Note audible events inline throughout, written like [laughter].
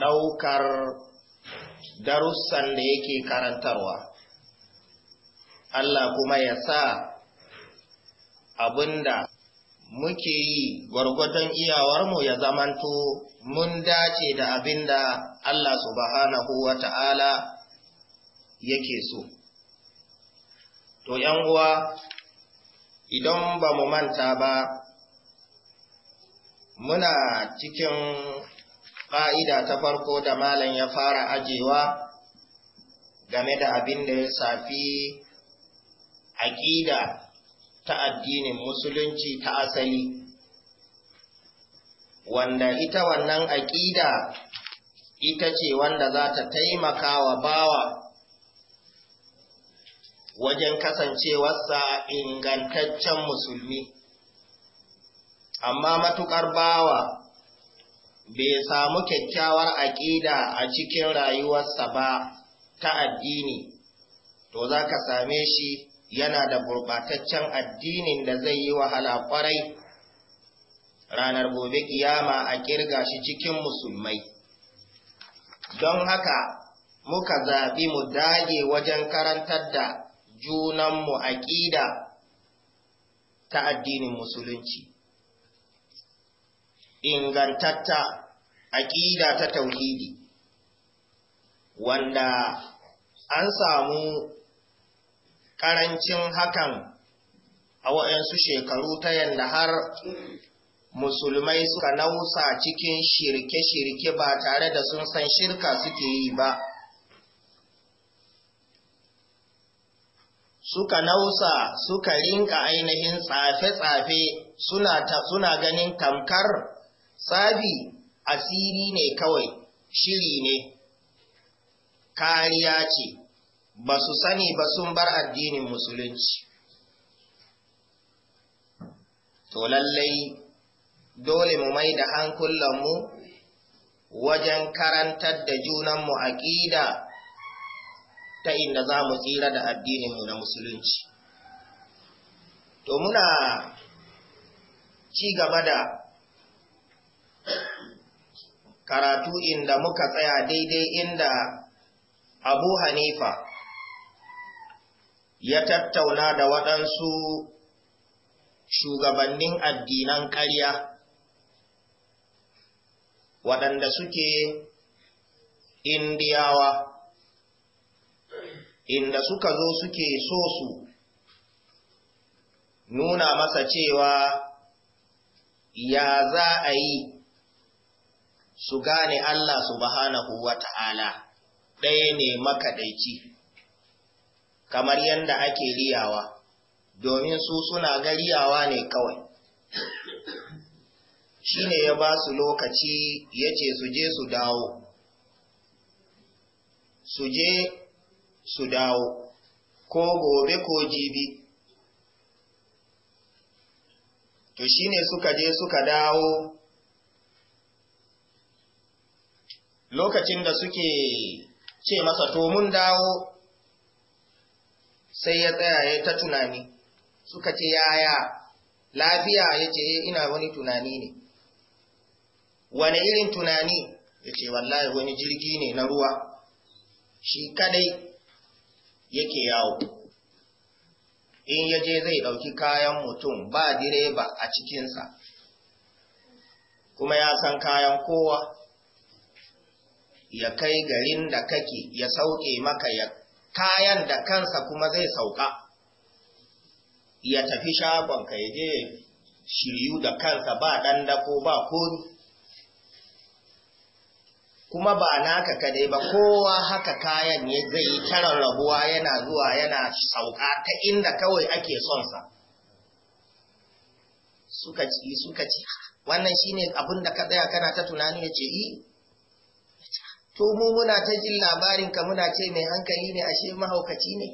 ɗaukar darussan da yake karantarwa. Allah kuma ya sa abinda muke yi gwargwadon iyawarmu ya zamanto mun dace da abinda Allah subhanahu wa ta'ala yake so. To, 'yan uwa idan ba mu manta ba, muna cikin Fa'ida ta farko da malam ya fara ajewa game da abin da ya safi aƙida ta addinin musulunci ta asali wanda ita wannan aƙida ita ce wanda za ta taimaka wa bawa wajen kasancewarsa ingantaccen musulmi amma matuƙar bawa bai samu kyakkyawar aƙida a cikin rayuwarsa ba ta addini, to za ka same shi yana da gurɓataccen addinin da zai yi wahala ƙwarai ranar gobe kiyama a ƙirga shi cikin musulmai. Don haka muka zaɓi mu dage wajen karantar da junanmu aƙida ta addinin musulunci. ingantatta aƙida ta tauhidi wanda an samu ƙarancin hakan a waɗansu shekaru ta yadda har musulmai suka nausa cikin shirke-shirke ba tare da sun san shirka suke yi ba suka nausa suka rinka ainihin tsafe-tsafe suna, ganin tamkar tsafi. asiri ne kawai shiri ne kariya ce ba su sani ba sun bar addinin musulunci to lallai dole mu mai da hankulanmu wajen karantar da junanmu aƙida ta inda za mu tsira da addininmu na musulunci. To muna ci gaba da karatu inda muka tsaya daidai inda abu hanifa ya tattauna da waɗansu shugabannin addinan ƙarya waɗanda suke indiyawa inda suka zo suke so su nuna masa cewa ya za a yi su gane Allah subhanahu wa ta'ala ɗaya ne makaɗaici, kamar yadda ake riyawa, domin su suna ga riyawa ne kawai. Shi ne ya ba su lokaci ya ce su je su dawo, su je su dawo, ko gobe ko jibi. To shi ne suka je suka dawo lokacin da suke ce masa to mun dawo sai ya tsaya ya ta tunani suka ce yaya lafiya ya ce eh, ina wani tunani ne Wani irin tunani ya ce wallahi wani jirgi ne na ruwa shi kadai yake yawo in ya je zai ɗauki kayan mutum ba direba a cikinsa, kuma ya san kayan kowa, ya kai garin da kake ya sauke maka ya kayan da kansa kuma zai sauka ya tafi shagon ka je shiryu da kansa ba ɗan ko ba kori kuma ba naka kadai ba kowa haka kayan ne zai yi taron rabuwa yana zuwa yana sauka ta inda kawai ake son sa suka ci suka ci wannan shine abin da ka tsaya kana ta tunani ya ce yi to mu muna ta jin labarinka muna ce mai hankali ne ashe mahaukaci ne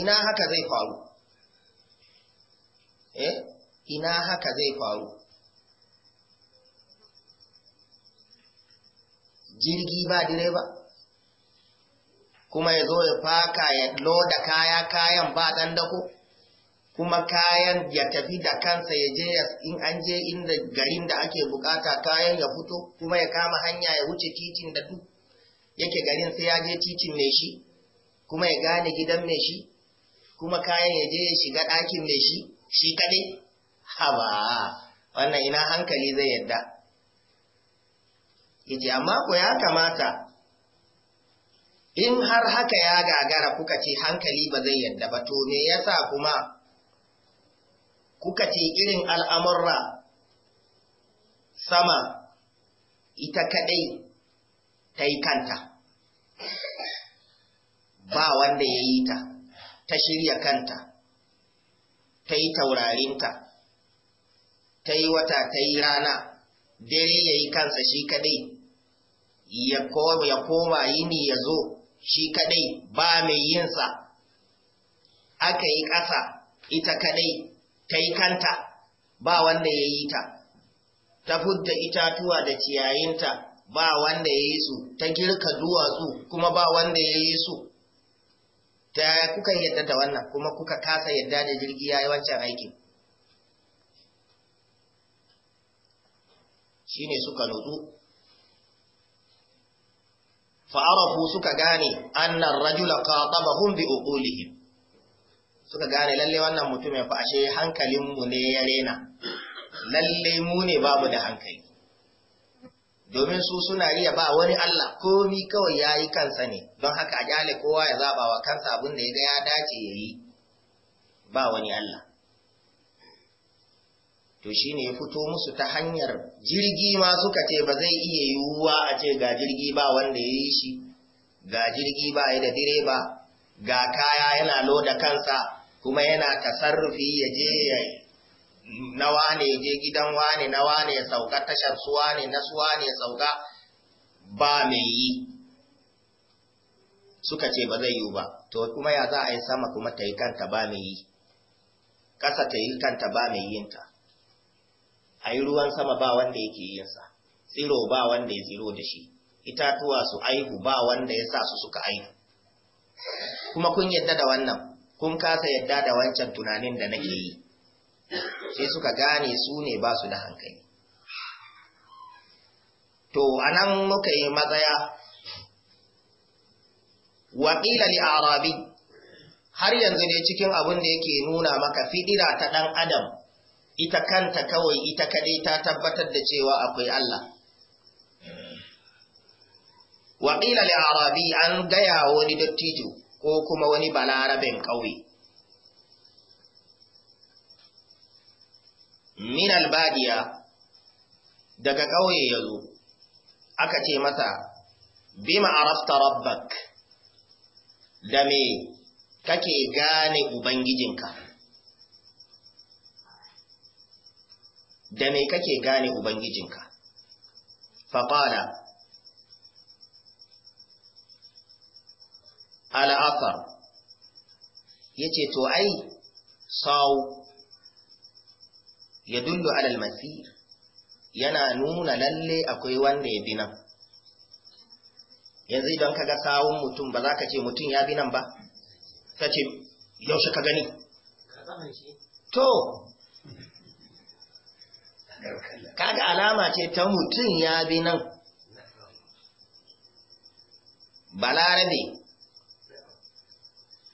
ina haka zai faru eh ina haka zai faru jirgi ba direba kuma ya zo ya faka ya loda kaya kayan ba ɗan dako kuma kayan ya tafi da kansa ya je in an je inda garin da ake bukata kayan ya fito kuma ya kama hanya ya wuce titin da duk yake garin sai ya je titin mai shi kuma ya gane gidan mai shi kuma kayan ya je ya shiga ɗakin mai shi shi kaɗai haba wannan ina hankali zai yadda yace amma ko ya kamata in har haka ya gagara kuka ce hankali ba zai yadda ba to me yasa kuma kuka ce irin al'amurra sama ita kaɗai ta yi kanta, ba wanda ya yi ta, ta shirya kanta, ta yi taurarinta, ta yi wata ta yi rana, dare ya yi kansa shi kaɗai, ya koma yini ya zo shi kaɗai ba mai yinsa, aka yi ƙasa ita kaɗai. ta yi kanta ba wanda ya yi ta ta fudda itatuwa da ciyayinta ba wanda ya yi su ta girka duwatsu kuma ba wanda ya yi su ta kuka yadda da wannan kuma kuka kasa yadda da jirgi ya yi wancan aikin shi ne suka nutsu fa'arafu suka gane annan rajula hun bi uqulihim suka gane lalle wannan ya fa ashe hankalinmu ne ya rena lalle mu ne babu da hankali domin su suna iya ba wani Allah komi kawai ya yi kansa ne don haka a kyale kowa ya zaba wa kansa abin da ya ga ya dace ya yi ba wani Allah to shi ne ya fito musu ta hanyar jirgi ma suka ce ba zai iya yiwuwa a ce ga jirgi ba wanda ya yi shi ga jirgi ba ya da direba ga kaya yana loda kansa kuma yana tasarrufi ya je na wane ya je gidan wane na wane ya sauka tashar su wane na su wane ya sauka ba mai yi suka ce ba zai yi ba to kuma ya za a yi sama kuma ta yi kanta ba mai yi ƙasa ta yi kanta ba mai yinta a yi ruwan sama ba wanda yake yinsa tsiro ba wanda ya tsiro da shi itatuwa su aihu ba wanda ya sa su suka aihu kuma kun yadda da wannan kun kasa yadda da wancan tunanin da nake yi sai suka gane su ne ba su da hankali to anan muka yi matsaya waƙila li arabi har yanzu ne cikin abin da yake nuna maka fiɗira ta ɗan adam ita kanta kawai ita kaɗai ta tabbatar da cewa akwai Allah waƙila li arabi an gaya wani dattijo ko kuma wani balarabin ƙauye. Min albadiya daga ƙauye ya zo, aka ce masa, Bima arafta rabbak, da me kake gane Ubangijinka. Da me kake gane Ubangijinka. Faƙada, al'afar ya ce to ai sau ya dundu alalmasi, yana nuna lalle akwai wanda ya binan. nan yanzu idan ka ga sawun mutum ba za ka ce mutum ya bi nan ba ka ce yaushe ka gani to kaga alama ce ta mutum ya bi nan balarabe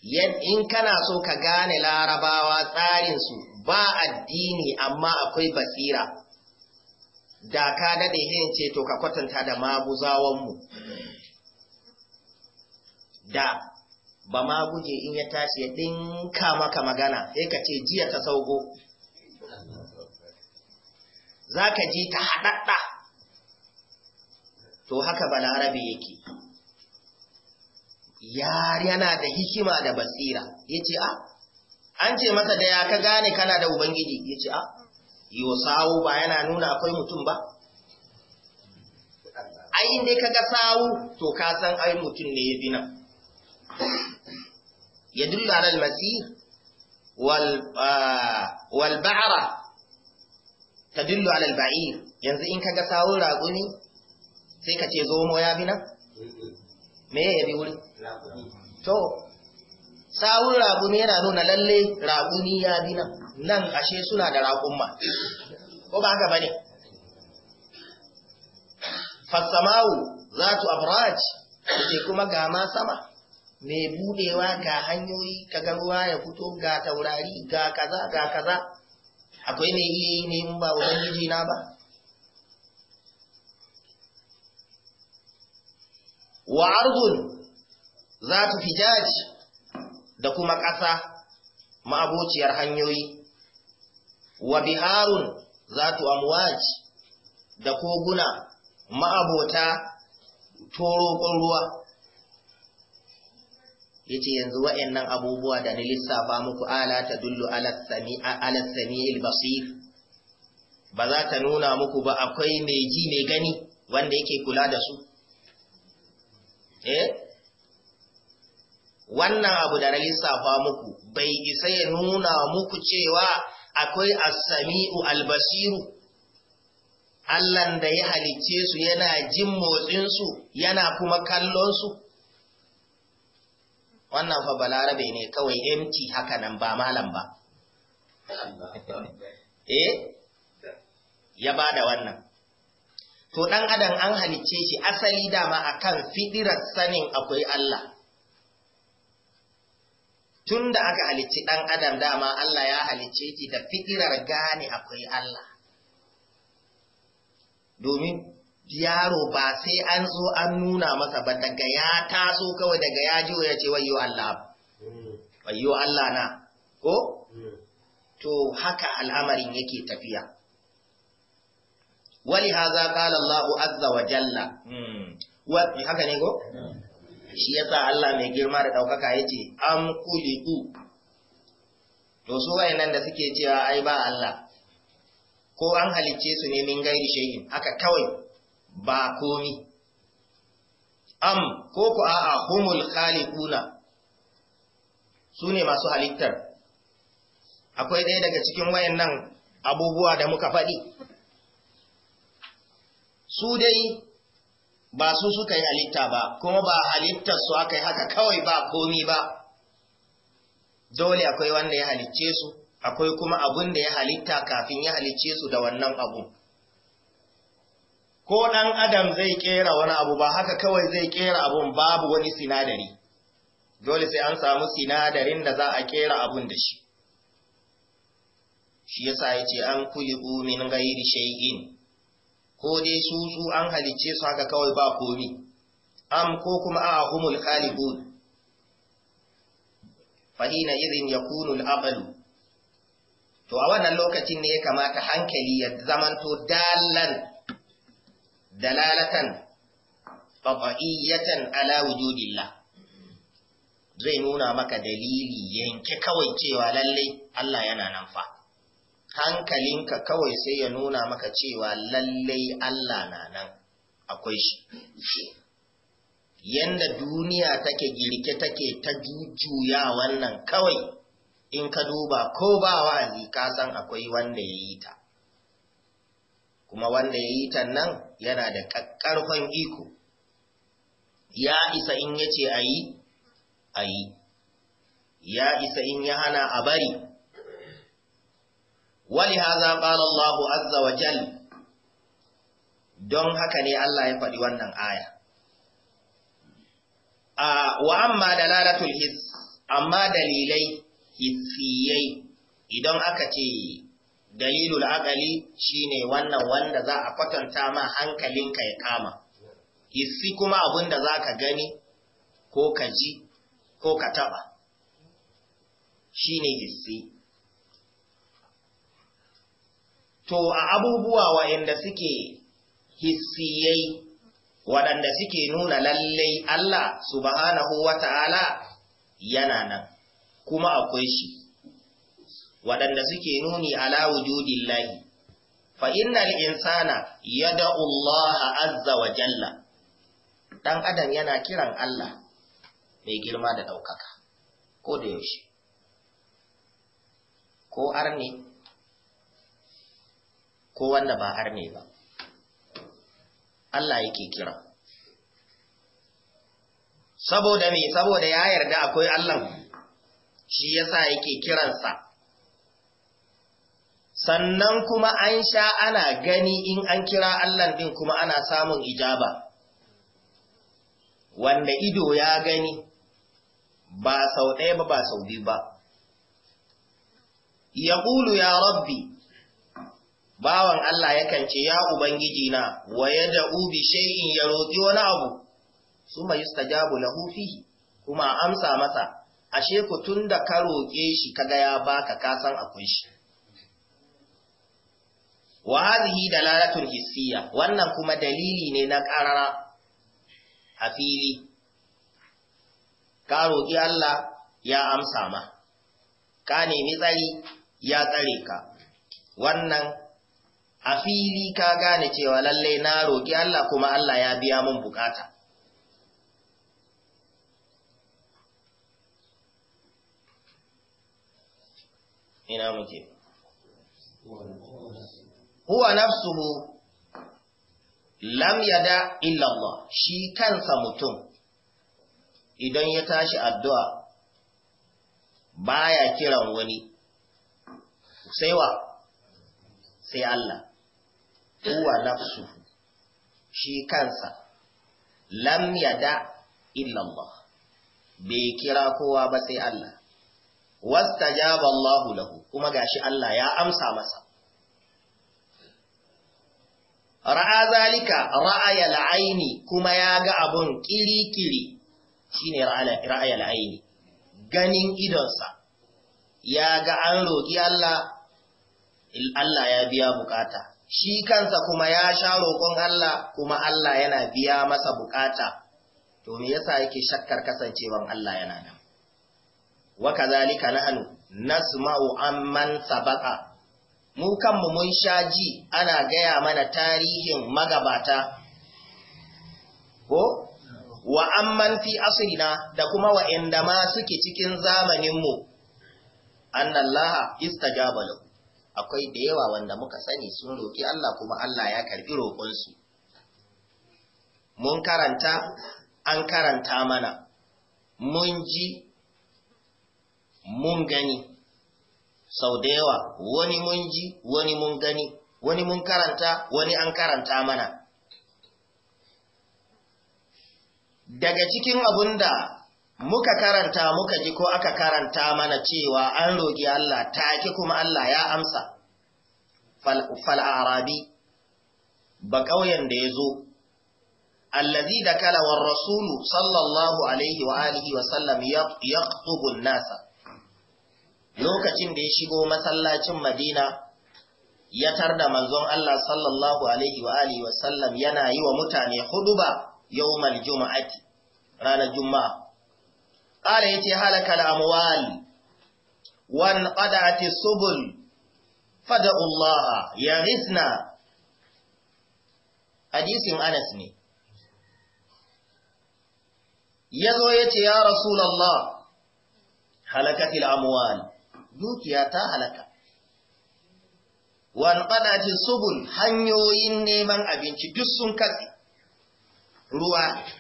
in kana so ka gane larabawa tsarin su ba addini amma akwai basira da ka daɗe yin ce to ka kwatanta da maguzawanmu da ba ma guje in ya tashi ya ɗinka maka magana sai ka ce jiya ta sauko za ka ji ta haɗaɗɗa to haka balarabe yake ya yana da hikima da basira yace a ah, an ce masa da ya ka gane kana da ubangiji yace a ah, yosawu ba yana nuna akwai mutum ba ai dai kaga sawu to ka san ai mutum ne ya bi nan yadullu ala al-masih wal ah, wal ba'ra tadullu bair yanzu in kaga sawu rago sai ka ce zomo ya bi me ya yabi wuri to sawun raƙumi yana nuna lalle raƙumi ya bi nan nan ashe suna da raƙumma ko ba haka bane fasamawu tu abraj ke kuma ga ma sama mai budewa ga hanyoyi ga ruwa ya fito ga taurari ga kaza ga kaza akwai mai iya yi ne in ba ubangiji na ba wa arzun za ta fijaj da kuma ƙasa ma'abociyar hanyoyi wa biharun za ta amwaj da koguna ma'abota torokon ruwa yace yanzu waɗannan abubuwa da na lissafa muku ala ta dullu ala sami'il ba za ta nuna muku ba akwai mai ji mai gani wanda yake kula da su Eh? wannan abu da na lissafa muku bai isa ya nuna muku cewa akwai a samiu al-basiru Allahn da ya halicce su yana jin motsinsu yana kuma kallon su wannan fa balarabe ne kawai emti haka nan ba malam ba [laughs] eh ya bada wannan to ɗan adam an halicce shi asali dama akan fidirar sanin akwai Allah tun da aka halicci ɗan adam dama Allah ya halicce shi da fidirar gane akwai Allah domin yaro ba sai an zo an nuna masa ba daga ya taso kawai daga ya ji ya ce wayo Allah hmm. wayo Allah na ko hmm. to haka al'amarin yake tafiya wali haza kala Allah azza wa jalla wani haka ne ko shi yasa Allah mai girma da daukaka yace am kuliku to su nan da suke cewa ai ba Allah ko an halicce su ne min gairi shay'in haka kawai ba komi am ko ku a'a humul khaliquna su ne masu halittar akwai ɗaya daga cikin wayannan abubuwa da muka faɗi su dai ba su suka yi halitta ba kuma ba halittar su aka yi haka kawai ba komi ba dole akwai wanda ya halicce su akwai kuma abun da ya halitta kafin ya halicce su da wannan abu ko ɗan adam zai kera wani abu ba haka kawai zai kera abun babu wani sinadari dole sai an samu sinadarin da za a kera abun da shi shi yasa yace an kulibu min ghairi shay'in ko dai su su an halicce su haka kawai ba komi am ko kuma a humul khalibun fahina irin ya kunul abalu to a wannan lokacin ne ya kamata hankali ya zamanto dalan dalalatan tabi'iyatan ala wujudillah zai nuna maka dalili yanke kawai cewa lallai Allah yana nan fa hankalinka kawai sai ya nuna maka cewa lallai Allah na nan akwai shi. Yanda duniya take girke take ta jujjuya wannan kawai in ka duba ko ba wa'azi ka san akwai wanda ya yi ta. Kuma wanda ya yi ta nan yana da ƙaƙƙarfan iko, ya isa in ya ce a yi, a yi, ya isa in ya hana a bari. ولهذا قال Azza wa وجل don haka ne Allah ya faɗi wannan aya a wa amma dalalatul his amma dalilai hissiyai idan aka ce dalilul akali shine wannan wanda za a kwatanta ma hankalinka ya kama hissi kuma abin da za ka gani ko ka ji ko ka taɓa shine hissi to a abubuwa waɗanda suke hissiyai waɗanda suke nuna lallai Allah subhanahu wa ta'ala yana nan kuma akwai shi waɗanda suke nuni ala wujudin lahi fa'innal insana ya da'ullaha azza wa jalla ɗan adam yana kiran Allah mai girma da ɗaukaka ko da yaushe ko arne ko wanda ba ne ba Allah yake kira saboda me saboda ya yarda akwai Allah shi yasa yake kiransa sannan kuma an sha ana gani in an kira Allah din kuma ana samun ijaba wanda ido ya gani ba sau ɗaya ba ba sau biyu ba ya ya rabbi bawan Allah yakan ce ya ubangiji na wa yad'u bi shay'in ya roki wani abu Su mai yustajabu lahu fihi kuma amsa masa ashe ku tunda ka roƙe shi kaga ya baka ka san akwai shi wa hadhihi dalalatun hissiya wannan kuma dalili ne na karara a fili ka roƙi Allah ya amsa ma ka nemi tsari ya tsare ka wannan a fili ka gane cewa lallai na roƙi Allah kuma Allah ya biya mun bukata. Ina muke. Huwa nafsuhu lam yada illallah shi kansa mutum idan ya tashi addu'a baya kiran wani, sai wa, sai Allah. huwa nafsuhu shi kansa lam yada illallah bai kira kowa ba sai Allah wastajaba Allahu lahu kuma gashi Allah ya amsa masa ra'a zalika kuma ya ga abun kirikiri shine ra'ayal ganin idonsa ya ga an roki Allah Allah ya biya bukata shi kansa kuma ya sha roƙon Allah kuma Allah yana biya masa bukata to me yasa yake shakkar kasancewan Allah yana nan wa kazalika nahnu nasma'u amman sabaqa mu kanmu mun sha ji ana gaya mana tarihin magabata ko wa amman fi asrina da kuma wa'anda ma suke cikin zamaninmu annallaha istajaba lahu akwai da yawa wanda muka sani sun roƙi Allah kuma Allah ya karɓi roƙonsu. Mun karanta, an karanta mana, mun ji, mun gani, sau da yawa wani mun ji, wani mun gani, wani mun karanta, wani an karanta mana. Daga cikin abun da muka karanta muka ji ko aka karanta mana cewa an roƙi Allah ki kuma Allah ya amsa fal'arabi ba ƙauyen da ya zo allazi da kalawar rasulu sallallahu alaihi wa alihi wa sallam ya nasa lokacin da ya shigo masallacin madina ya tarda manzon Allah sallallahu alaihi wa alihi wa sallam yana yi wa mutane huduba yawmal juma'ati ranar juma'a ƙala ya ce halaka al'amuwal, wan ƙadati subul, fada'ullaha, ya risna, hadisin Anas ne. Ya zo ya ce, Ya Rasulallah, halakati al'amuwal, dukiya ta halaka. Wan ƙadati subul hanyoyin neman abinci duk sun katse, ruwa.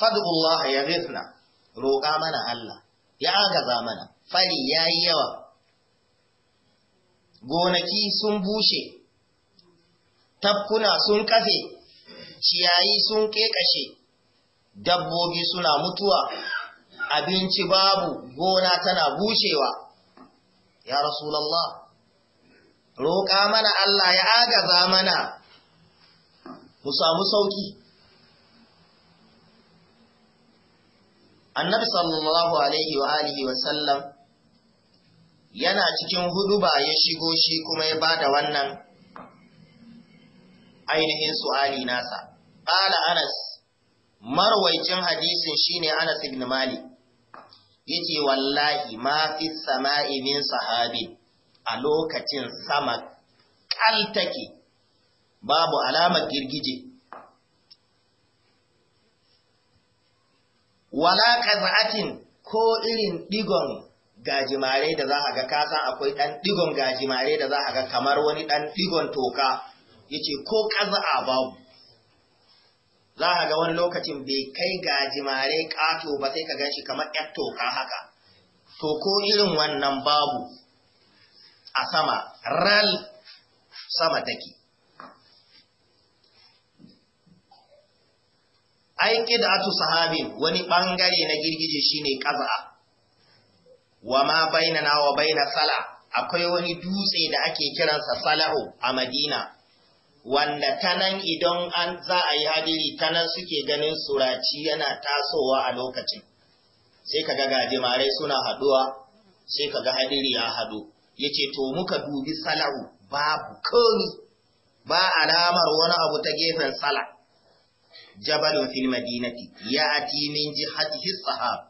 Fadu ya rifna roƙa mana Allah ya agaza mana fari ya yi yawa gonaki sun bushe tafkuna sun kafe ciyayi sun ƙeƙashe dabbobi suna mutuwa abinci babu gona tana bushewa ya rasulallah roƙa mana Allah ya agaza mana mu samu sauƙi. annabi sallallahu alaihi wa alihi wa sallam yana cikin ba ya shigo shi kuma ya bada wannan ainihin su'ali nasa qala anas marwaicin hadisin shine anas ibn malik yace wallahi ma fi sama'i min sahabi a lokacin sama kaltake babu alamar girgije wala kazaatin ko irin digon gajimare da za a ga kasa akwai ɗan ɗigon gajimare da za a ga kamar wani ɗan ɗigon toka ya ce ko kaza'a babu za a ga wani lokacin bai kai gajimare ƙato ba sai ka gan shi kamar ‘yar toka haka to ko irin wannan babu a sama ral sama take da atu sahabin wani bangare na girgije shine qaza wa ma na, wa baina sala akwai wani dutse da ake kiransa salahu a Madina wanda tanan idan an za a yi hadiri tanan suke ganin suraci yana tasowa a lokacin sai kaga gajimare suna haduwa sai kaga hadiri ya hadu yace to muka dubi salahu babu komi ba alamar wani abu ta gefen salah jabalun fil madinati ya'ti min jihatihi sahab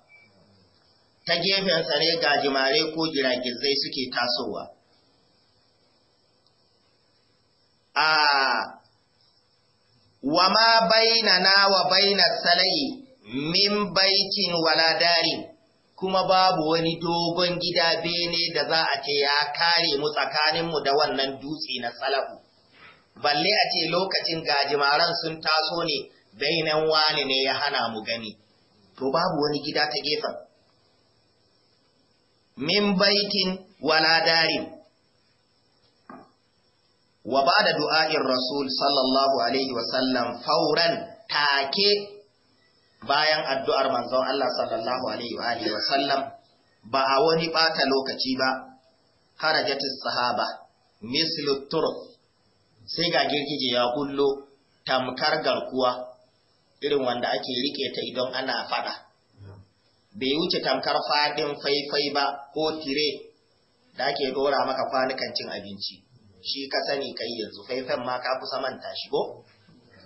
ta gefen tsare gajimare ko giragizai suke tasowa a wa ma bainana wa bainas salai min baitin wala darin kuma babu wani dogon gida bene da za a ce ya kare mu tsakaninmu da wannan dutse na salaku. balle a ce lokacin gajimaren sun taso ne bainan wani ne ya hana mu gani to babu wani gida ta gefen min baitin wala darin wa ba da du'a'in rasul sallallahu alaihi wasallam fauran take bayan addu'ar manzon Allah sallallahu alaihi wasallam ba a wani ɓata lokaci ba harajatis sahaba mislu sai ga girgije ya kullo tamkar garkuwa irin wanda ake rike ta idon ana fada bai wuce tamkar fadin faifai ba ko tire da ake dora maka kwanukan cin abinci shi ka sani kai yanzu faifan ma ka kusa manta shi ko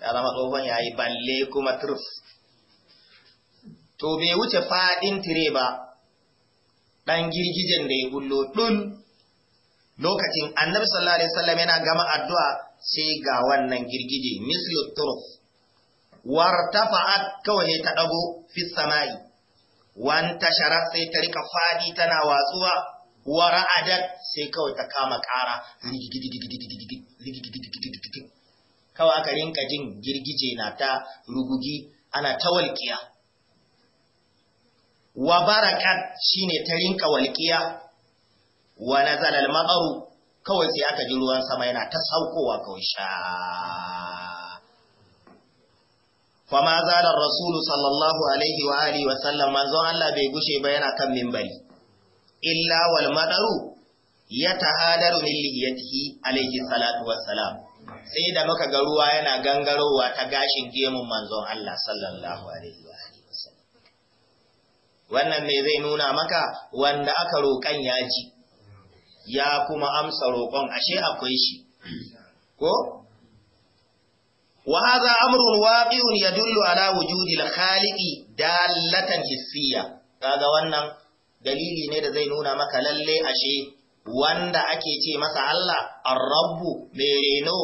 ya zama tsohon yayi balle kuma turf to bai wuce fadin tire ba dan girgijen da ya bullo dun lokacin annabi sallallahu alaihi wasallam yana gama addu'a sai ga wannan girgije mislu turf wartafa'at kawai ta dago fi samai wan tashara sai ta rika fadi tana watsuwa wa ra'adat sai kawai ta kama kara kawai aka rinka jin girgije na ta rugugi ana ta walƙiya wa barakat shine ta rinka walƙiya wa nazala al-maqaru kawai sai aka ji ruwan sama yana ta saukowa kawai sha wa ma zala rasulu sallallahu alaihi wa alihi wa sallam manzon Allah bai gushe ba yana kan minbari illa wal madaru ya tahadaru min alaihi salatu wassalam sai da muka ga ruwa yana gangarowa ta gashin gemun manzon Allah sallallahu alaihi wa alihi wa sallam wannan me zai nuna maka wanda aka roƙan ya ji ya kuma amsa roƙon ashe akwai shi ko wa hadha amrun waqi'un yadullu ala wujudil khaliqi Dalatan hissiya kaga wannan dalili ne da zai nuna maka lalle ashe wanda ake ce masa Allah ar-rabbu mai reno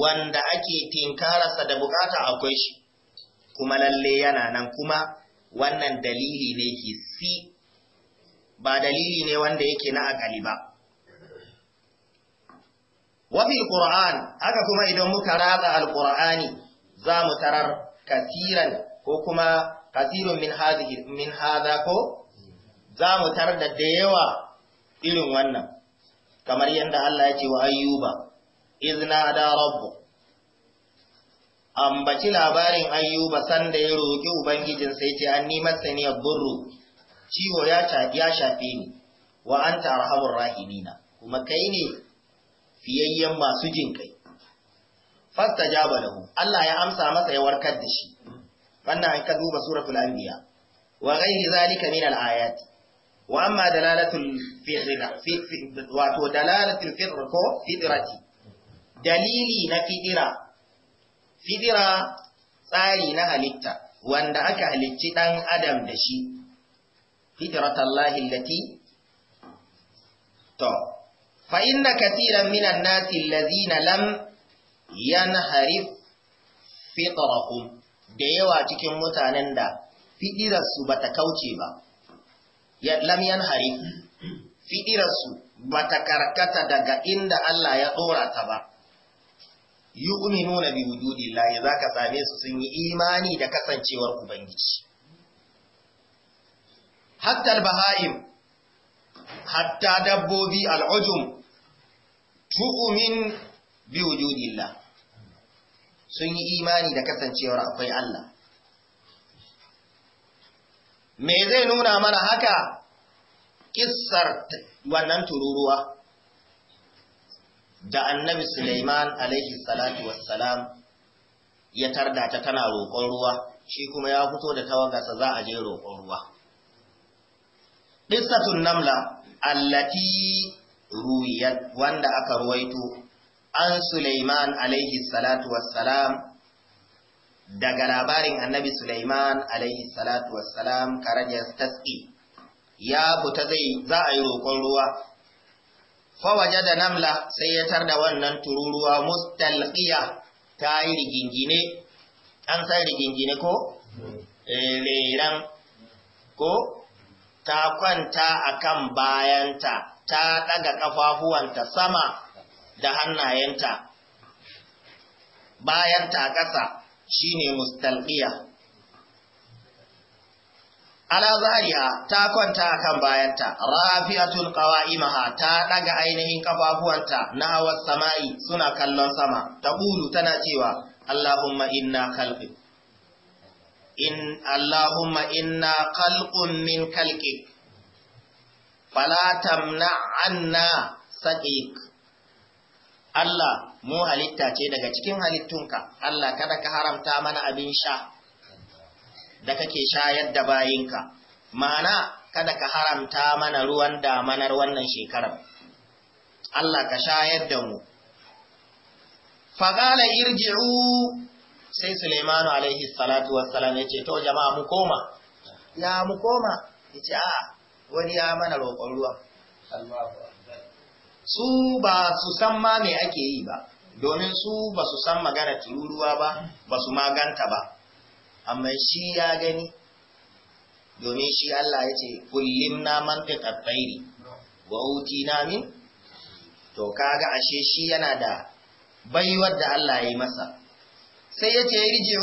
wanda ake tinkararsa da bukata akwai shi kuma lalle yana nan kuma wannan dalili ne hissi ba dalili ne wanda yake na akali ba wafil Qur'an haka kuma idan muka ratsa alqur'ani za mu tarar kasiran ko kuma kasirun min hadhihi ko za mu tarar da da yawa irin wannan kamar yadda Allah ya ce wa ayyuba izna da rabbu ambaci labarin ayyuba sanda ya roki ubangijin sai ce an nimar burru ciwo ya shafi ni wa anta arhamur rahimina kuma kai ne fiyayyen masu jin kai fasta jaba mu. Allah ya amsa masa ya warkar da shi wannan an ka duba suratul anbiya wa ghairi zalika min al ayat wa amma dalalatul fitra wato dalalatul fitra ko fitrati dalili na fitira fitira tsari na halitta wanda aka halicci ɗan adam da shi, fitratallahi lati, to, fa inna minan nasi lazina lam yanharif da yawa cikin mutanen da ba ta kauce ba lam yanharif ba bata karkata daga inda Allah ya dora ta ba nuna bi wujudillahi zaka same su sun yi imani da kasancewar ubangiji hatta al-baha'im hatta dabbobi al'ujum tu'umin bi wujudillah sun yi imani da kasancewar akwai Allah me zai nuna mana haka kissar wannan tururuwa da annabi Sulaiman alaihi salatu wassalam ya tarda ta tana roƙon ruwa shi kuma ya fito da tawagarsa za a je roƙon ruwa. Ƙissatun namla allati ruwiyat wanda aka ruwaito an Sulaiman alaihi salatu wassalam daga labarin annabi Sulaiman alaihi salatu wassalam karajar tas'i ya fita zai za a yi roƙon ruwa waje da namla sai ya tar da wannan tururuwa mustalqiya ta yi rigingine an sai rigingine ko eh, reran ko ta kwanta akan bayanta ta ɗaga ƙafafuwanta sama da hannayenta bayan ta ƙasa shine mustalqiya ala zariya ta kwanta kan bayanta rafi'atul qawa'imaha ta ɗaga ainihin kafafuwanta na hawar sama'i suna kallon sama ta kulu tana cewa Allahumma inna khalqi in Allahumma inna khalqun min khalqik falatam na anna saƙiƙ Allah mu halitta ce daga cikin halittunka Allah kada ka haramta mana abin sha da kake shayar da bayinka ma'ana kada ka haramta mana ruwan damanar wannan shekarar Allah ka shayar da mu faƙala irji'u sai Suleimanu alaihi salatu wassalam ya ce to jama'a mu koma ya mu koma ya ce a'a wani ya mana roƙon ruwa su ba su san ma me ake yi ba domin su ba su san magana tururuwa ba ba su maganta ba amma shi ya gani domin shi Allah ya ce kullum na mantiƙar tsairi wa uti na min to kaga ashe shi yana da baiwar da Allah ya yi masa sai ya ce ya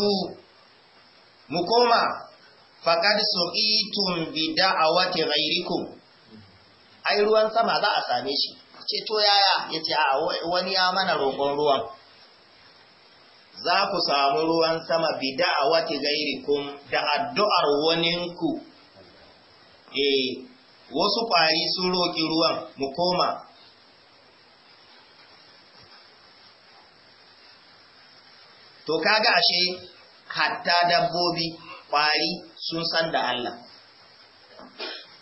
mu koma faƙar su'itun bi da'awati ghairikum ai ruwan sama za a same shi ce to yaya yace a wani ya mana roƙon ruwan za ku samu ruwan sama bi da'awati ghairikum da addu'ar waninku eh wasu ƙwari sun roƙi ruwan mu koma to kaga ashe hatta dabbobi ƙwari sun san da Allah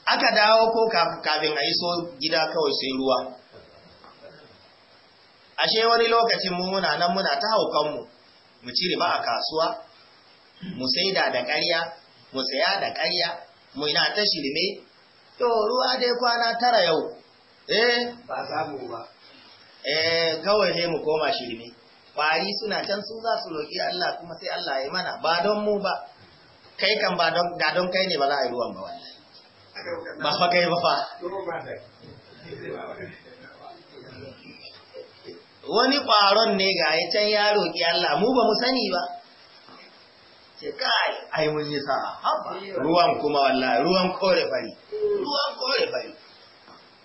aka dawo ko kafin a iso gida kawai sai ruwa ashe wani lokacin mu muna nan muna ta haukanmu mu cire ba a kasuwa mu saida da ƙarya mu saya da ƙarya mu ina ta shirme to ruwa dai kwana tara yau eh ba samu ba eh kawai sai mu koma shirme bari suna can su za su roƙi Allah kuma sai Allah ya mana ba don mu ba kai kan ba don ga don kai ne ba za a yi ruwan ba wallahi ba fa kai ba fa wani kwaron ne ga ya can ya roƙi Allah mu ba mu sani ba ce kai ai mun yi sa'a haba ruwan kuma wallahi ruwan kore fari ruwan kore fari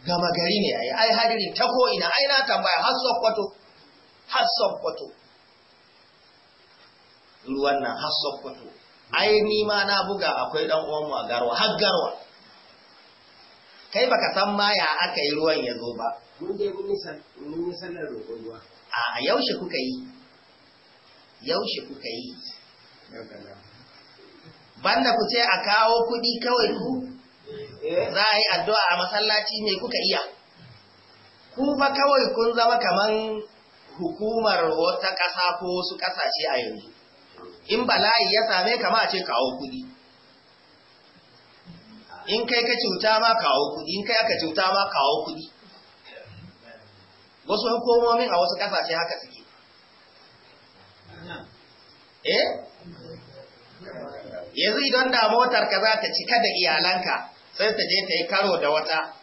gama gari ne ai ai hadiri ta ko ina ai na tambaya har sokoto har sokoto ruwan nan har sokoto ai ni ma na buga akwai dan mu a garwa har garwa kai baka san ma ya aka yi ruwan ya zo ba mun dai mun yi sallar roƙon ruwa a yaushe kuka yi yaushe kuka yi banda ku ce a kawo kuɗi kawai ku eh. za a yi addu'a a masallaci me kuka iya ku ba kawai kun zama kaman hukumar wata ƙasa ko wasu ƙasashe a yanzu in bala'i ya same ka ma ce kawo kuɗi in kai ka cuta ma kawo kuɗi in kai aka cuta ma kawo kuɗi wasu hukumomin a wasu ƙasashe haka suke eh yanzu idan da motar ka za ta cika da iyalanka sai ta je ta yi karo da wata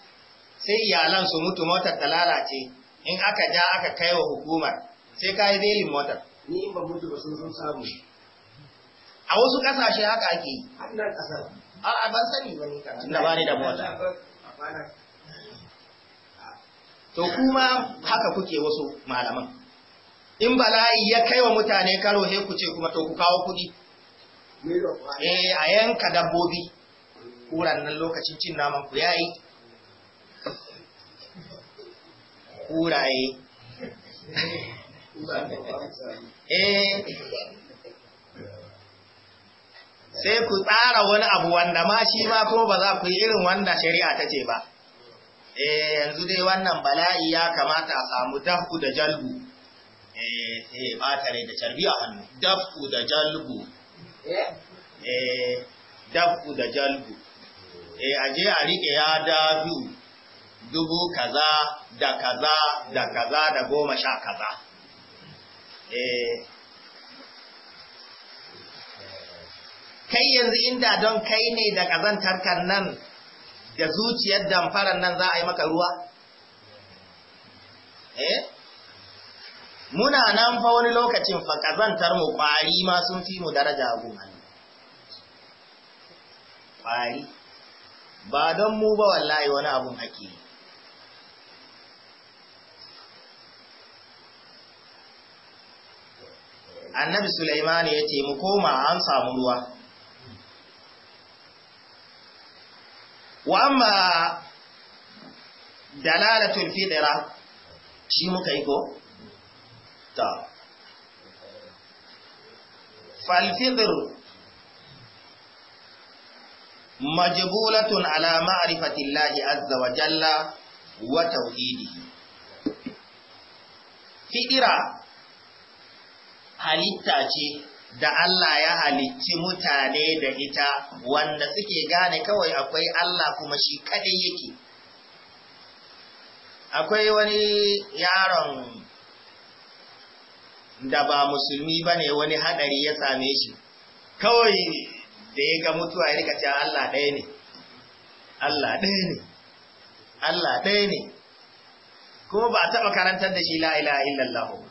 sai iyalan su mutu motar ta lalace in aka ja aka kai wa hukumar sai ka yi belin motar ni in ba mutu ba sun samu a wasu kasashe haka ake yi a ban sani ba ne da ba da mota to kuma haka kuke wasu malaman in bala'i ya kai wa mutane karo he ku ce kuma to ku kawo kuɗi eh a yanka dabbobi kuran nan lokacin cin naman ku yayi kuraye eh sai ku tsara wani abu wanda ma shi ma ko ba za ku yi irin wanda shari'a ta ce ba eh yanzu dai wannan bala'i ya kamata a samu dafku da jalbu eh eh ba tare da carbi a hannu dafku da jalbu eh, eh dafku da jalbu eh aje a rike ya dafu dubu kaza da kaza da kaza da goma sha kaza eh kai yanzu inda don kai ne da kan nan da zuciyar damfarar nan za a yi maka ruwa? Eh? Muna nan fa wani lokacin fa ƙazantar mu ƙwari ma sun fi mu daraja goma ne. Ƙwari, ba don mu ba wallahi wani abun ake annabi Sulaiman ya ce mu koma an samu ruwa wa amma dalalatul fidira shi muka yi ko ta falfidir majbulatun ala ma'rifatillahi azza wa jalla wa tauhidihi fidira halitta ce da Allah ya halicci mutane da ita wanda suke gane kawai akwai Allah kuma shi kaɗai yake. Akwai wani yaron da ba musulmi ba ne wani haɗari ya same shi, kawai da ya ga mutuwa ya rika cewa Allah ɗaya ne, Allah ɗaya ne, Allah ɗaya ne, kuma ba a taɓa karantar da shi la'ila illallahu.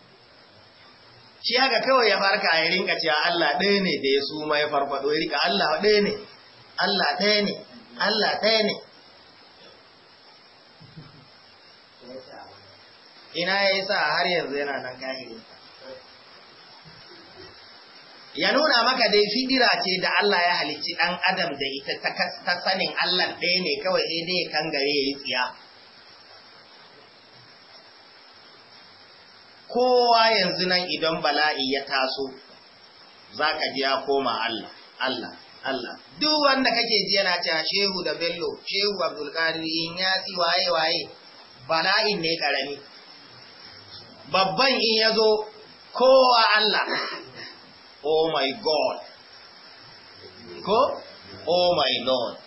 shi haka kawai ya farka ya rinka cewa Allah ɗaya ne da ya suma ya farfado ya rika Allah ɗaya ne Allah ɗaya ne Allah ɗaya ne ina ya yi sa har yanzu yana nan kahiri ya nuna maka dai fidira ce da Allah ya halicci ɗan adam da ita ta sanin Allah ɗaya ne kawai sai dai ya kangare ya yi tsiya kowa yanzu nan idan bala'i ya taso za ka ji ya koma Allah, Allah, Allah. Duk wanda kake ji yana cewa Shehu da Bello, Shehu Abdulkadir in ya tsi waye waye, bala'in ne karami. Babban in ya zo kowa Allah. Oh my God! Ko? Oh my Lord!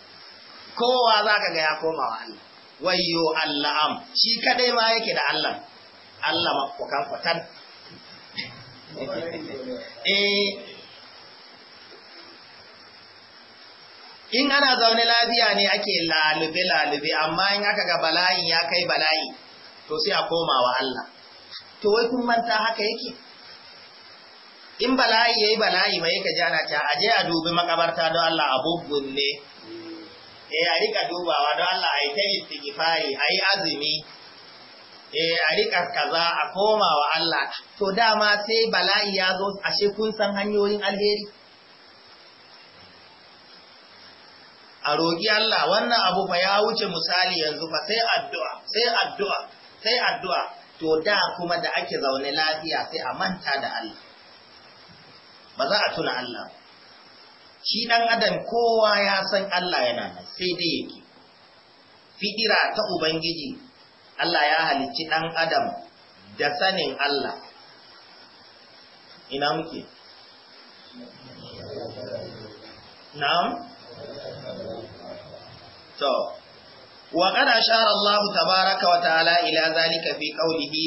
Kowa za ka ga ya koma wa Allah. Wayyo Allah am, shi kadai ma yake da Allah. Allah ma fatan? kwatan eh in ana zaune lafiya ne ake lalube lalube amma in aka ga bala'in ya kai bala'i to sai a koma wa Allah to wai kun manta haka yake in bala'i yayi bala'i mai ka jana ta aje a dubi makabarta don Allah abubuwan ne eh a rika dubawa don Allah yi ta istighfari yi azumi eh a riƙa kaza a koma wa Allah to dama sai bala'i ya zo ashe kun san hanyoyin alheri a roƙi Allah wannan abu fa ya wuce misali yanzu fa sai addu'a sai addu'a sai addu'a to da kuma da ake zaune lafiya sai a manta da Allah ba za a tuna Allah shi dan adam kowa ya san Allah yana nan sai dai yake fidira ta ubangiji Allah ya halicci ɗan adam da sanin Allah ina muke na'am to wa qad ashara Allah tabaaraka wa ta'ala ila zalika fi qawlihi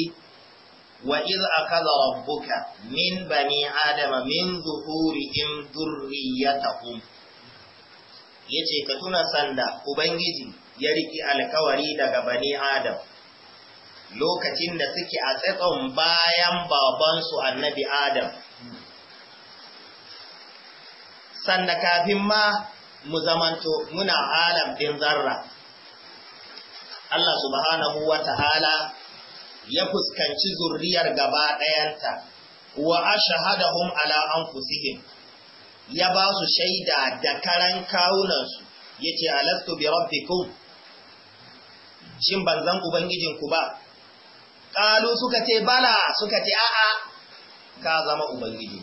wa iz akhadha rabbuka min bani adama min zuhurihim dhurriyyatahum yace ka tuna sanda ubangiji ya riki alkawari daga bani adam lokacin da suke a tsatson bayan babansu annabi Adam. Sanda kafin ma mu zamanto muna alam din zarra. Allah subhanahu wa ta'ala ya fuskanci zurriyar gaba ɗayanta, wa ashahadahum ala anfusihim ya ba su shaida da karan kawunansu, ya ce, Alastu bi rabbikum, shin ban zan Ubangijinku ba, ƙalu suka ce bala suka ce a'a ka zama ubangiji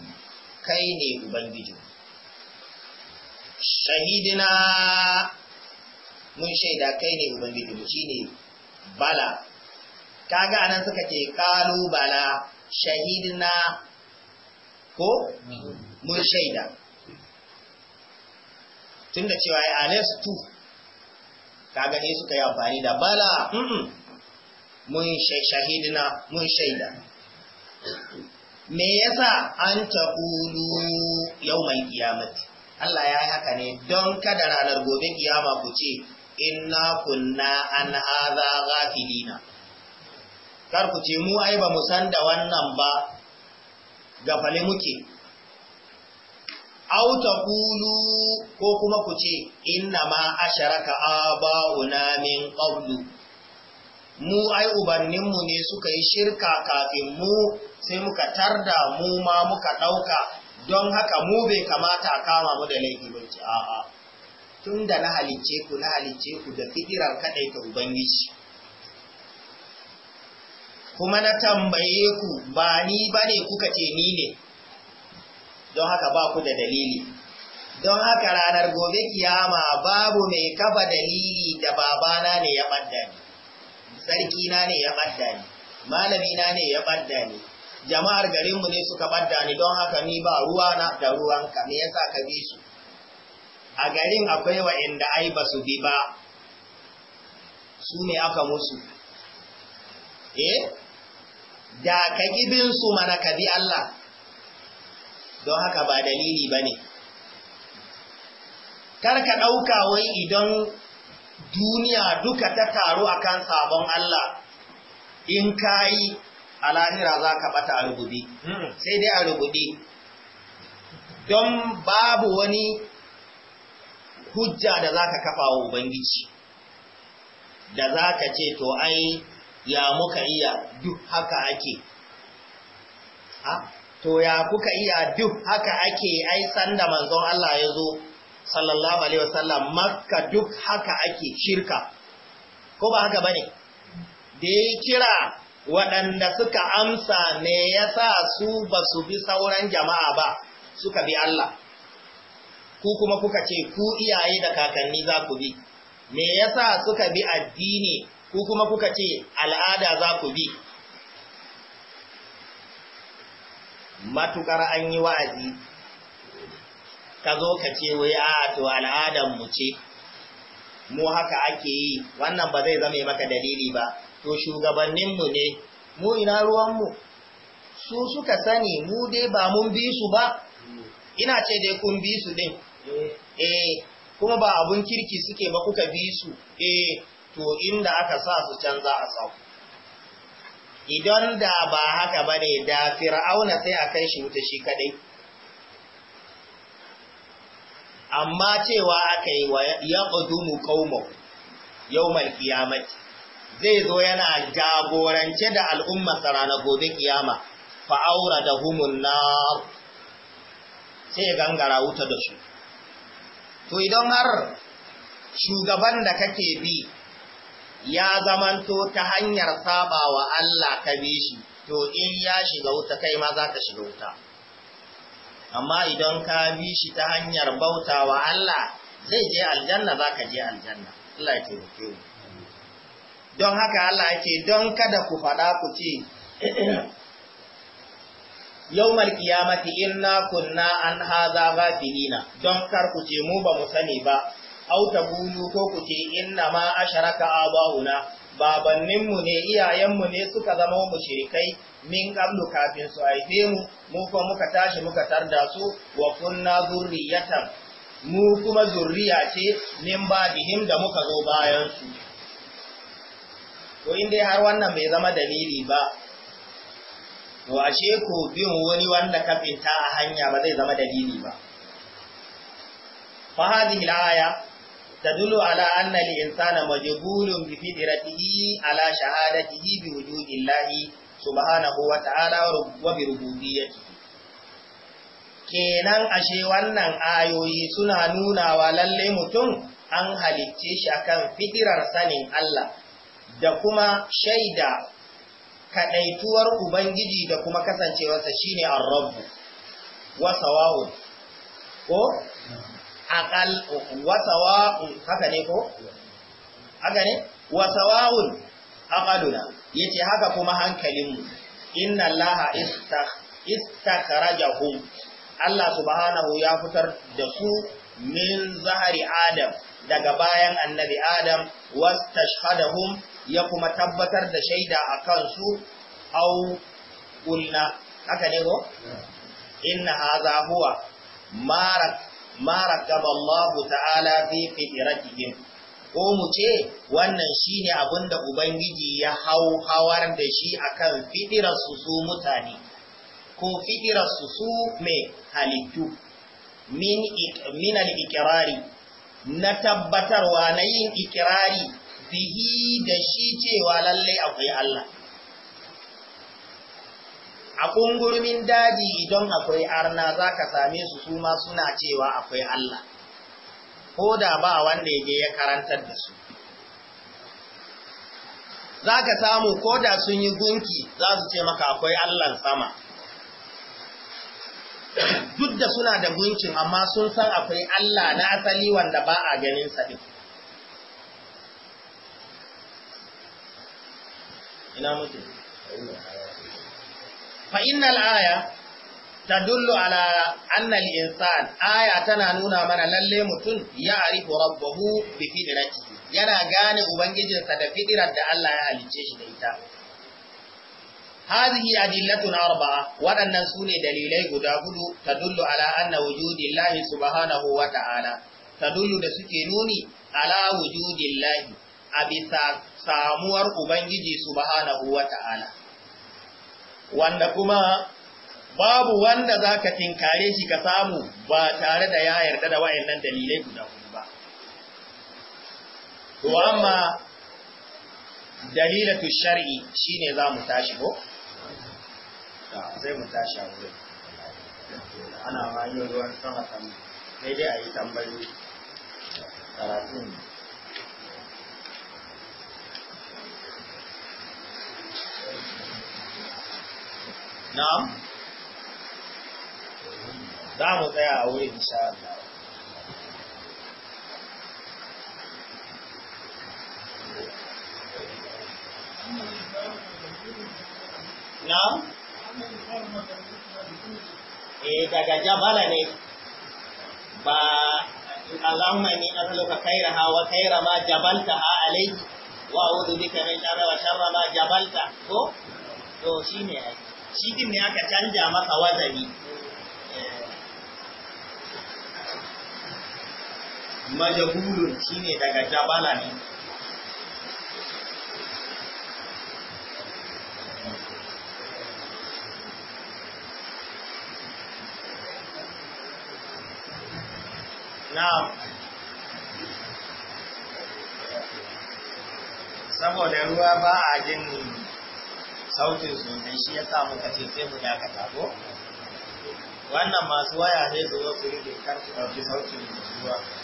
kai ne ubangiji shahidina mun shaida kai ne ubangiji shi ne bala kaga anan suka ce ƙalu bala shahidina ko mun shaida tunda cewa ya alastu kaga ne suka yi amfani da bala mm -mm. mun shahidina mun shaida me yasa an yau mai kiyamati? Allah ya yi haka ne don kada ranar gobe kiyama ku ce inna kunna an hadha ghafilina kar ku ce mu ai ba mu san da wannan ba gafale muke aw taqulu ko kuma ku ce inna ma asharaka aba'una min qablu mu ai ubanninmu ne suka yi shirka kafin mu sai muka tarda mu ma muka ɗauka don haka mu bai kamata a kama mu da laifi ba ce a'a tun da na halicce ku na halicce ku da fikirar ka ubangiji kuma na tambaye ku ba ni ba kuka ce ni ne don haka ba ku da dalili don haka ranar gobe kiyama babu mai kafa dalili da babana ne ya ɓadda ni sarki na ne ya ɓadda ni malami na ne ya ɓadda ni jama'ar garinmu ne suka ɓadda ni don haka ni ba ruwa na da ruwanka me yasa ka bi su a garin akwai wa'anda ai ba su bi ba su ne aka musu eh da ka gibin su mana ka bi Allah don haka ba dalili ba ne kar ka ɗauka wai idan duniya duka ta taru akan sabon Allah in kayi a lahira za ka bata a rubuɗi hmm. sai dai a rubuɗi don babu wani hujja da za ka kafa wa Ubangiji da za ka ce to ai ya muka iya duk haka ake to ya kuka iya duk haka ake ai sanda manzon Allah ya zo sallallahu alaihi wasallam makka duk haka ake shirka ko ba haka bane da ya kira waɗanda suka amsa me yasa su ba su bi sauran jama'a ba suka bi Allah ku kuma kuka ce ku iyaye da kakanni za ku bi me yasa suka bi addini ku kuma kuka ce al'ada za ku bi matukar an yi wa'azi ka zo ka ce wai a to al'adan mu ce mu haka ake yi wannan ba zai zama maka dalili ba to shugabanninmu ne mu ina ruwanmu su suka sani mu dai ba mun bi su ba ina ce dai kun bi su din eh, eh kuma ba abun kirki suke ba kuka bi su eh to inda aka sa su canza a sa idan da ba haka bane da fir'auna sai a kai shi wuta shi kadai amma cewa aka yi wa ya ƙudumu ƙaumo yau mai kiyamati zai zo yana jagorance da al'umma tsara na gobe kiyama fa'aura da humun na sai gangara wuta da su. To idan har shugaban da kake bi ya zamanto ta hanyar sabawa Allah ka bi shi, to in ya shiga wuta kai ma za ka shiga wuta. amma idan ka bi shi ta hanyar bautawa Allah zai je aljanna za ka je aljanna Allah ya taimake don haka Allah yake don kada ku faɗa ku ce [clears throat] yawmal qiyamati inna kunna an hadha ghafilina don kar ku ce mu ba mu sani ba au taqulu ko ku ce inna ma asharaka abahuna babanninmu ne iyayenmu ne suka zama mu shirikai min kablu kafin su haife mu mu kuma muka tashi muka tarda su wa kunna zurriyatan mu kuma zurriya ce min ba'dihim da muka zo bayan su to in dai har wannan bai zama dalili ba to ashe ko bin wani wanda ka finta a hanya ba zai zama dalili ba fa hadhihi al-aya تدل على أن الإنسان مجبول بفطرته على شهادته بوجود الله سبحانه وتعالى وبربوبيته kenan ashe wannan ayoyi suna nunawa lalle mutum an halicce shi akan fidirar sanin Allah da kuma shaida kadaituwar ubangiji da kuma kasancewarsa shine ar-rabb wa ko aqal wa sawa'un haka ne ko haka ne wa sawa'un aqaluna yace haka kuma hankalin mu inna allaha istakh istakhrajahum Allah subhanahu ya fitar da su min zahari adam daga bayan annabi adam wastashhadahum ya kuma tabbatar da shaida a kansu au qulna haka ne ko inna hadha huwa marak ma rakaballahu ta'ala fi fitratihim ko mu ce wannan shine abin da ubangiji ya hau hawar da shi akan fitirar su su mutane ko fitirar su su mai halittu min min al ikrari na tabbatarwa na yin ikirari bihi da shi cewa lallai akwai Allah a kungurmin daji idan akwai arna za ka same su su ma suna cewa akwai Allah ko da ba wanda yake ya karantar da su za ka samu ko da sun yi gunki za su ce maka akwai Allahn sama duk da suna da gunki amma sun san akwai Allah na asali wanda ba a ganin sa din ina mutum fa innal aya tadullu ala anna al-insan aya tana nuna mana lalle mutum ya arifu rabbahu bi fidratihi yana gane ubangijinsa da fidrar da Allah ya halice shi da ita a hadhihi na arba'a waɗannan sune dalilai guda hudu tadullu ala anna wujudillahi subhanahu wa ta'ala tadullu da suke nuni ala wujudillahi a bisa samuwar ubangiji subhanahu wa ta'ala wanda kuma babu wanda za ka tinkare shi ka samu ba tare da ya yarda da wayannan dalilai guda ba. To amma dalilatu shar'i shine za mu tashi ko? Ah, sai mu tashi a wurin. Ana ma yin ruwan sama sama, sai dai a yi tambayoyi. Karatun नाम नाम होता है वो इंसान नाम eh daga jabala ne ba Allahumma inni as'aluka khairaha wa khaira ma jabaltaha alayhi wa a'udhu bika min sharri wa sharri ma jabalta ko to shine ai shi din ne aka canja masa wazani majahulun shi ne daga jabala ne saboda ruwa ba a jin sautin sosai shi ya sa muka ce sai mu dakata ko wannan masu waya zai su zo su rike kar su ɗauki sautin zuwa